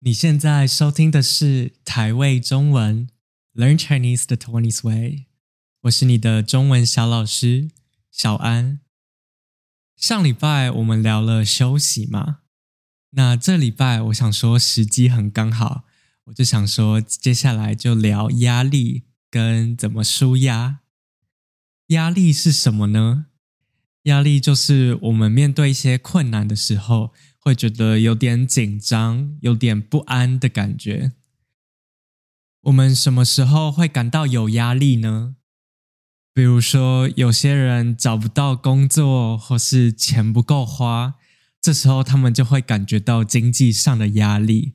你現在收聽的是台味中文 Learn Chinese the Taiwanese Way，我是你的中文小老師小安。上禮拜我們聊了休息嘛，那這禮拜我想說時機很剛好，我就想說接下來就聊壓力跟怎麼舒壓。壓力是什麼呢？壓力就是我們面對一些困難的時候。會覺得有點緊張、有點不安的感覺。我們什麼時候會感到有壓力呢？比如說，有些人找不到工作，或是錢不夠花，這時候他們就會感覺到經濟上的壓力；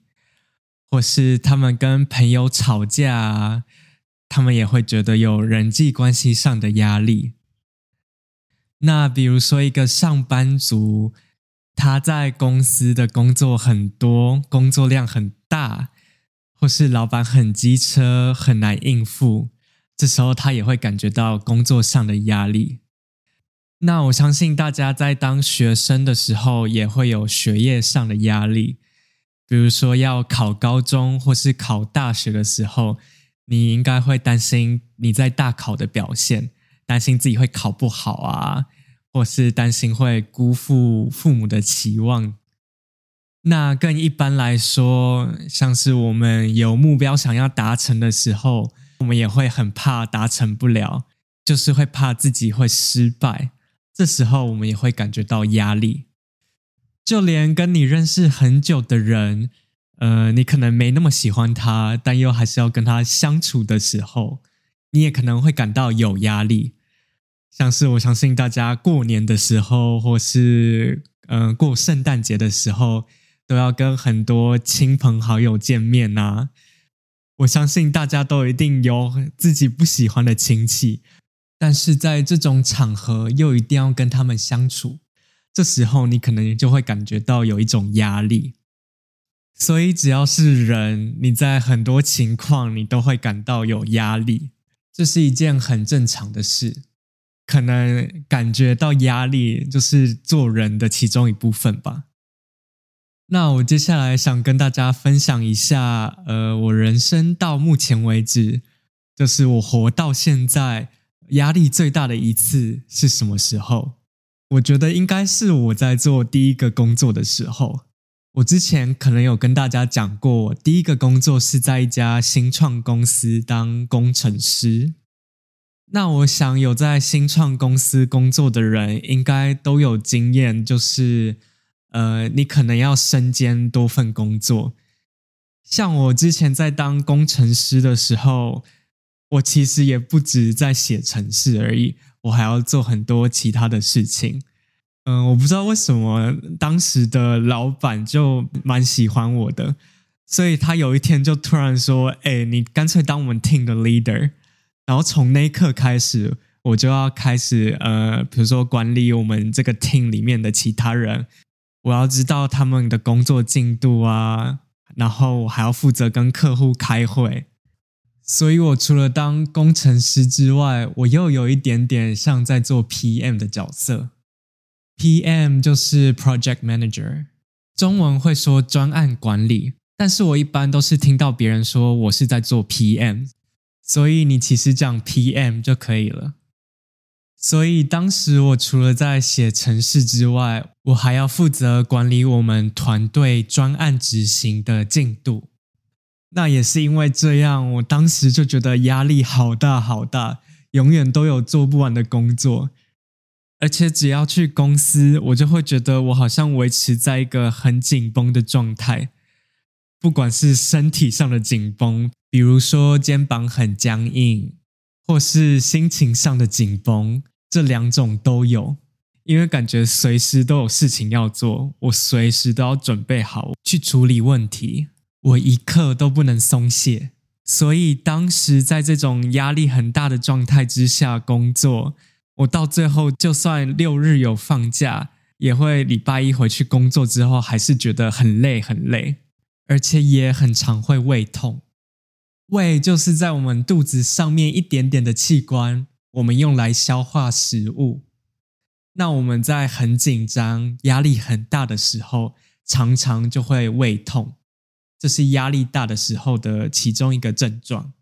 或是他們跟朋友吵架，他們也會覺得有人際關係上的壓力。那比如說，一個上班族，他在公司的工作很多，工作量很大，或是老闆很機車，很難應付。這時候他也會感覺到工作上的壓力。那我相信大家在當學生的時候也會有學業上的壓力，比如說要考高中或是考大學的時候，你應該會擔心你在大考的表現，擔心自己會考不好啊。或是擔心會辜負父母的期望，那更一般來說，像是我們有目標想要達成的時候，我們也會很怕達成不了，就是會怕自己會失敗。這時候，我們也會感覺到壓力。就連跟你認識很久的人，呃，你可能沒那麼喜歡他，但又還是要跟他相處的時候，你也可能會感到有壓力。像是我相信大家過年的時候，或是嗯、呃、過聖誕節的時候，都要跟很多親朋好友見面吶、啊。我相信大家都一定有自己不喜歡的親戚，但是在這種場合又一定要跟他們相處，這時候你可能就會感覺到有一種壓力。所以只要是人，你在很多情況你都會感到有壓力，這是一件很正常的事。可能感覺到壓力就是做人的其中一部分吧。那我接下來想跟大家分享一下，呃，我人生到目前為止，就是我活到現在，壓力最大的一次是什麼時候？我覺得應該是我在做第一個工作的時候。我之前可能有跟大家講過，我第一個工作是在一家新創公司當工程師。那我想有在新創公司工作的人，應該都有經驗，就是，呃，你可能要身兼多份工作。像我之前在當工程師的時候，我其實也不止在寫程式而已，我還要做很多其他的事情。嗯、呃，我不知道為什麼當時的老板就蠻喜歡我的，所以他有一天就突然說：“哎，你乾脆當我們 team 的 leader。”然後從那一刻開始，我就要開始呃，比如說管理我們這個 team 裡面的其他人，我要知道他們的工作進度啊，然後我還要負責跟客戶開會。所以我除了當工程師之外，我又有一點點像在做 PM 的角色。PM 就是 Project Manager，中文會說專案管理，但是我一般都是聽到別人說我是在做 PM。所以你其實講 PM 就可以了。所以當時我除了在寫程式之外，我還要負責管理我們團隊專案執行的進度。那也是因為這樣，我當時就覺得壓力好大好大，永遠都有做不完的工作。而且只要去公司，我就會覺得我好像維持在一個很緊繃的狀態，不管是身體上的緊繃。比如說肩膀很僵硬，或是心情上的緊繃，這兩種都有。因為感覺隨時都有事情要做，我隨時都要準備好去處理問題，我一刻都不能鬆懈。所以當時在這種壓力很大的狀態之下工作，我到最後就算六日有放假，也會禮拜一回去工作之後，還是覺得很累很累，而且也很常會胃痛。胃就是在我們肚子上面一點點的器官，我們用來消化食物。那我們在很緊張、壓力很大的時候，常常就會胃痛，這是壓力大的時候的其中一個症狀。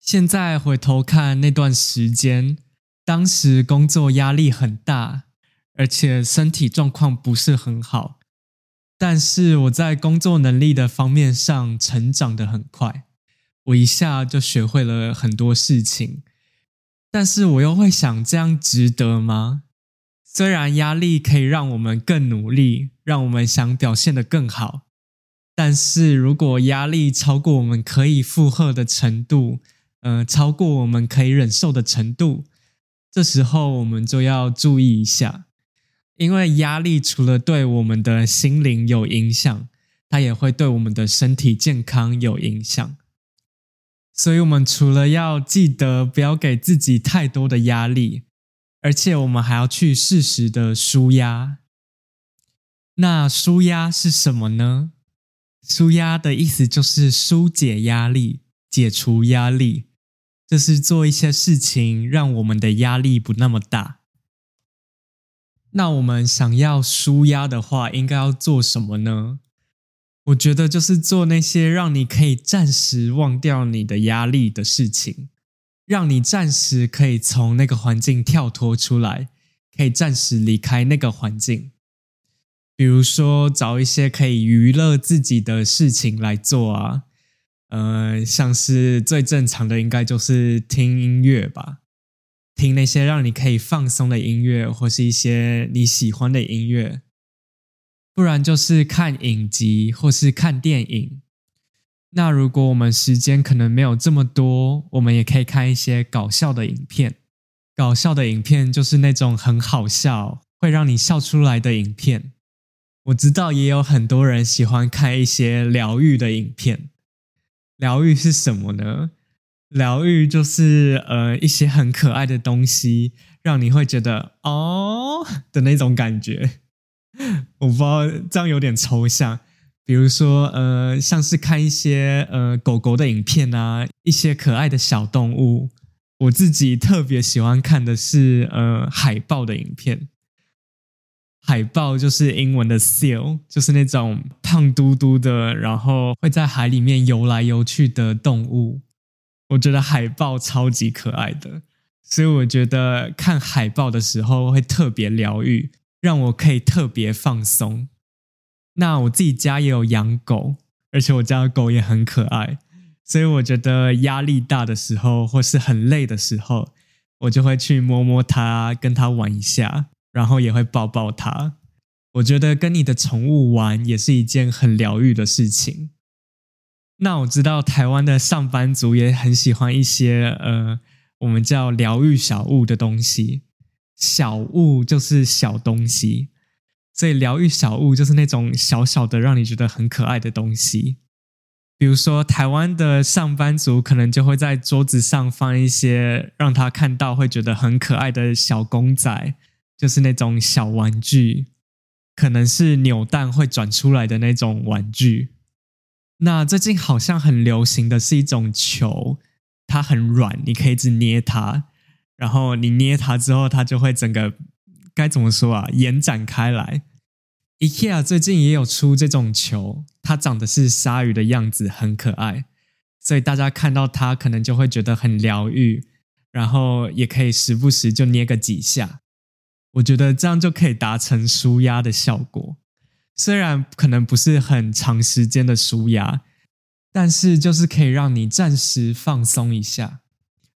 現在回頭看那段時間，當時工作壓力很大，而且身體狀況不是很好。但是我在工作能力的方面上成長得很快，我一下就學會了很多事情。但是我又會想，這樣值得嗎？雖然壓力可以讓我們更努力，讓我們想表現得更好，但是如果壓力超過我們可以負荷的程度，嗯、呃，超過我們可以忍受的程度，這時候我們就要注意一下。因為壓力除了對我們的心靈有影響，它也會對我們的身體健康有影響。所以，我們除了要記得不要給自己太多的壓力，而且我們還要去適時的紓壓。那紓壓是什麼呢？紓壓的意思就是紓解壓力，解除壓力，就是做一些事情讓我們的壓力不那麼大。那我們想要紓壓的話，應該要做什麼呢？我覺得就是做那些讓你可以暫時忘掉你的壓力的事情，讓你暫時可以從那個環境跳脫出來，可以暫時離開那個環境。比如說，找一些可以娛樂自己的事情來做啊。呃，像是最正常的，應該就是聽音樂吧。聽那些讓你可以放鬆的音樂，或是一些你喜歡的音樂，不然就是看影集或是看電影。那如果我們時間可能沒有這麼多，我們也可以看一些搞笑的影片。搞笑的影片就是那種很好笑，會讓你笑出來的影片。我知道也有很多人喜歡看一些療癒的影片。療癒是什麼呢？療癒就是呃，一些很可愛的東西，讓你會覺得哦的那種感覺。我不知道這樣有點抽象，比如說呃，像是看一些呃，狗狗的影片啊，一些可愛的小動物。我自己特別喜歡看的是呃，海豹的影片。海豹就是英文的 seal，就是那種胖嘟嘟的，然後會在海裡面游來游去的動物。我覺得海豹超級可愛的，所以我覺得看海豹的時候會特別療癒，讓我可以特別放鬆。那我自己家也有養狗，而且我家的狗也很可愛，所以我覺得壓力大的時候或是很累的時候，我就會去摸摸它，跟它玩一下，然後也會抱抱它。我覺得跟你的寵物玩也是一件很療癒的事情。那我知道台灣的上班族也很喜歡一些呃，我們叫療癒小物的東西。小物就是小東西，所以療癒小物就是那種小小的讓你覺得很可愛的東西。比如說，台灣的上班族可能就會在桌子上放一些讓他看到會覺得很可愛的小公仔，就是那種小玩具，可能是扭蛋會轉出來的那種玩具。那最近好像很流行的是一種球，它很軟，你可以一直捏它，然後你捏它之後，它就會整個該怎麼說啊？延展開來。IKEA 最近也有出這種球，它長得是鯊魚的樣子，很可愛，所以大家看到它可能就會覺得很療癒，然後也可以時不時就捏個幾下，我覺得這樣就可以達成舒壓的效果。雖然可能不是很長時間的紓壓，但是就是可以讓你暫時放鬆一下，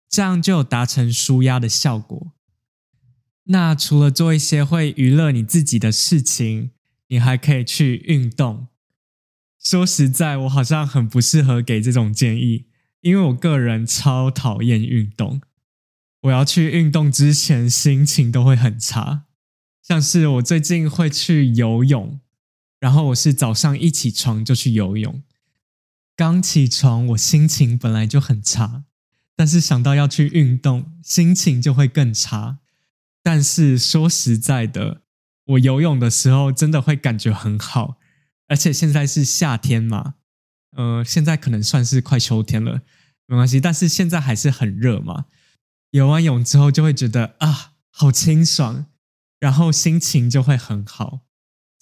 這樣就達成紓壓的效果。那除了做一些會娛樂你自己的事情，你還可以去運動。說實在，我好像很不適合給這種建議，因為我個人超討厭運動。我要去運動之前心情都會很差，像是我最近會去游泳。然後我是早上一起床就去游泳，剛起床我心情本來就很差，但是想到要去運動，心情就會更差。但是說實在的，我游泳的時候真的會感覺很好，而且現在是夏天嘛，呃，現在可能算是快秋天了，沒關係，但是現在還是很熱嘛。游完泳之後就會覺得，啊，好清爽，然後心情就會很好。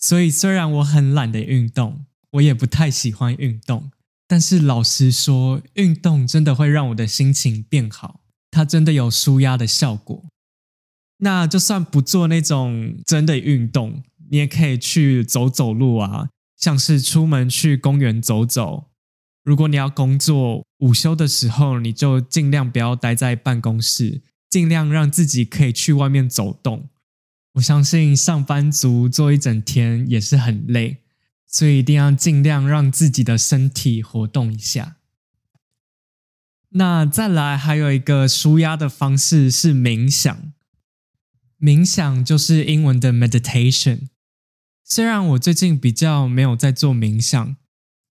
所以，雖然我很懶得運動，我也不太喜歡運動，但是老實說，運動真的會讓我的心情變好，它真的有紓壓的效果。那就算不做那種真的運動，你也可以去走走路啊，像是出門去公園走走。如果你要工作，午休的時候，你就盡量不要待在辦公室，盡量讓自己可以去外面走動。我相信上班族坐一整天也是很累，所以一定要盡量讓自己的身體活動一下。那再來還有一個紓壓的方式是冥想，冥想就是英文的 meditation。雖然我最近比較沒有在做冥想，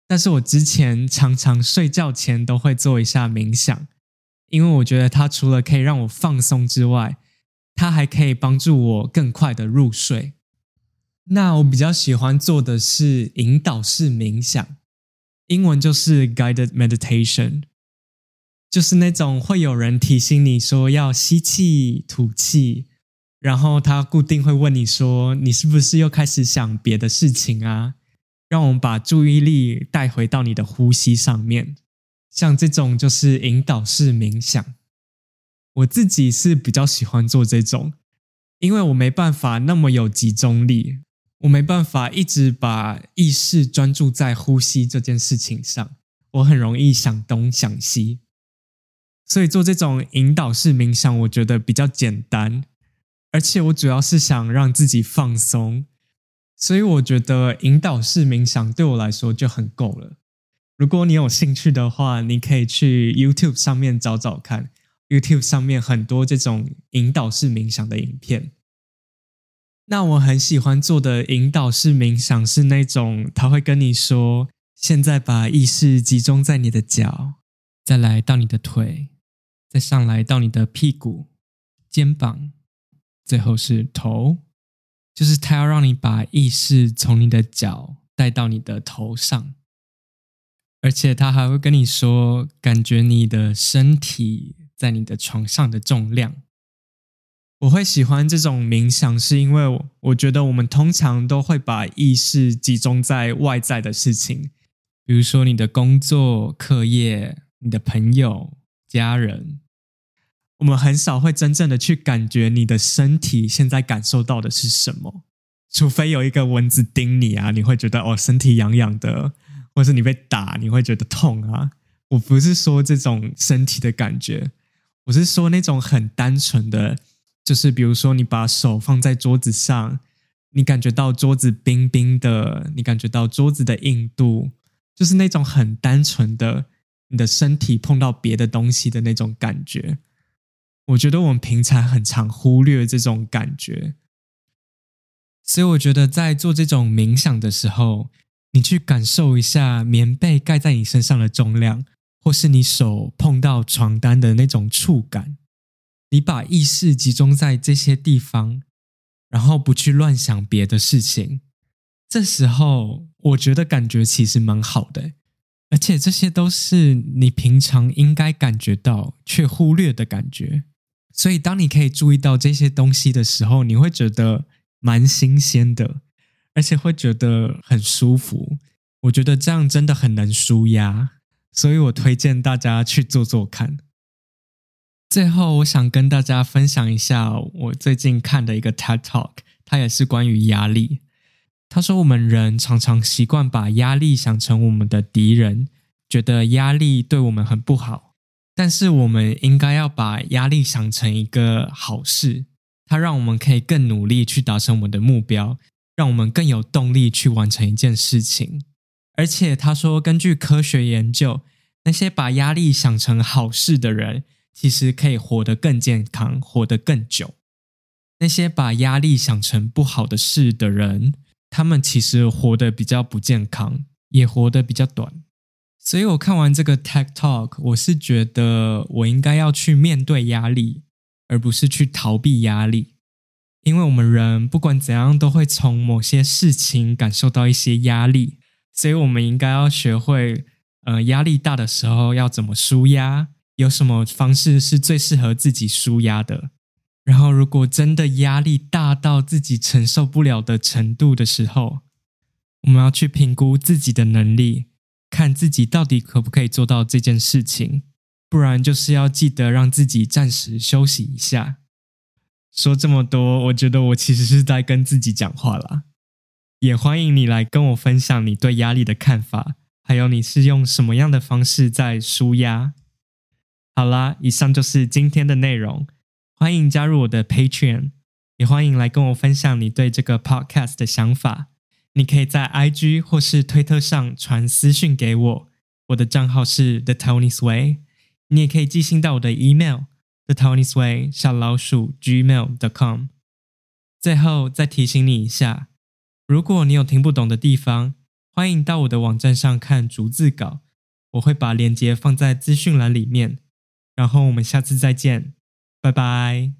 但是我之前常常睡覺前都會做一下冥想，因為我覺得它除了可以讓我放鬆之外，它還可以幫助我更快的入睡。那我比較喜歡做的是引導式冥想，英文就是 guided meditation，就是那種會有人提醒你說要吸氣、吐氣，然後他固定會問你說，你是不是又開始想別的事情啊？讓我們把注意力帶回到你的呼吸上面。像這種就是引導式冥想。我自己是比較喜歡做這種，因為我沒辦法那麼有集中力，我沒辦法一直把意識專注在呼吸這件事情上，我很容易想東想西，所以做這種引導式冥想，我覺得比較簡單，而且我主要是想讓自己放鬆，所以我覺得引導式冥想對我來說就很夠了。如果你有興趣的話，你可以去 YouTube 上面找找看。YouTube 上面很多這種引導式冥想的影片。那我很喜歡做的引導式冥想是那種他會跟你說：“現在把意識集中在你的腳，再來到你的腿，再上來到你的屁股、肩膀，最後是頭。”就是他要讓你把意識從你的腳帶到你的頭上，而且他還會跟你說：“感覺你的身體。”在你的床上的重量，我會喜歡這種冥想，是因為我覺得我們通常都會把意識集中在外在的事情，比如說你的工作、課業、你的朋友、家人，我們很少會真正的去感覺你的身體現在感受到的是什麼，除非有一個蚊子叮你啊，你會覺得哦，身體癢癢的，或是你被打，你會覺得痛啊。我不是說這種身體的感覺。我是說那種很單純的，就是比如說你把手放在桌子上，你感覺到桌子冰冰的，你感覺到桌子的硬度，就是那種很單純的，你的身體碰到別的東西的那種感覺。我覺得我們平常很常忽略這種感覺，所以我覺得在做這種冥想的時候，你去感受一下棉被蓋在你身上的重量。或是你手碰到床單的那種觸感，你把意識集中在這些地方，然後不去亂想別的事情。這時候，我覺得感覺其實蠻好的，而且這些都是你平常應該感覺到卻忽略的感覺。所以，當你可以注意到這些東西的時候，你會覺得蠻新鮮的，而且會覺得很舒服。我覺得這樣真的很能舒壓。所以我推薦大家去做做看。最後，我想跟大家分享一下我最近看的一個 TED Talk，它也是關於壓力。他說，我們人常常習慣把壓力想成我們的敵人，覺得壓力對我們很不好。但是，我們應該要把壓力想成一個好事，它讓我們可以更努力去達成我們的目標，讓我們更有動力去完成一件事情。而且，他說，根據科學研究。那些把壓力想成好事的人，其實可以活得更健康，活得更久；那些把壓力想成不好的事的人，他們其實活得比較不健康，也活得比較短。所以我看完這個 TED Talk，我是覺得我應該要去面對壓力，而不是去逃避壓力。因為我們人不管怎樣都會從某些事情感受到一些壓力，所以我們應該要學會。呃，壓力大的時候要怎麼紓壓？有什麼方式是最適合自己紓壓的？然後，如果真的壓力大到自己承受不了的程度的時候，我們要去評估自己的能力，看自己到底可不可以做到這件事情。不然，就是要記得讓自己暫時休息一下。說這麼多，我覺得我其實是在跟自己講話啦。也歡迎你來跟我分享你對壓力的看法。還有，你是用什麼樣的方式在紓壓？好啦，以上就是今天的內容。歡迎加入我的 Patreon，也歡迎來跟我分享你對這個 podcast 的想法。你可以在 IG 或是推特上傳私訊給我，我的賬號是 The Taiwanese Way。你也可以寄信到我的 email thetaiwaneseway 小老鼠 gmail.com。最後再提醒你一下，如果你有聽不懂的地方，歡迎到我的網站上看逐字稿，我會把鏈接放在資訊欄裡面，然後我們下次再見，拜拜。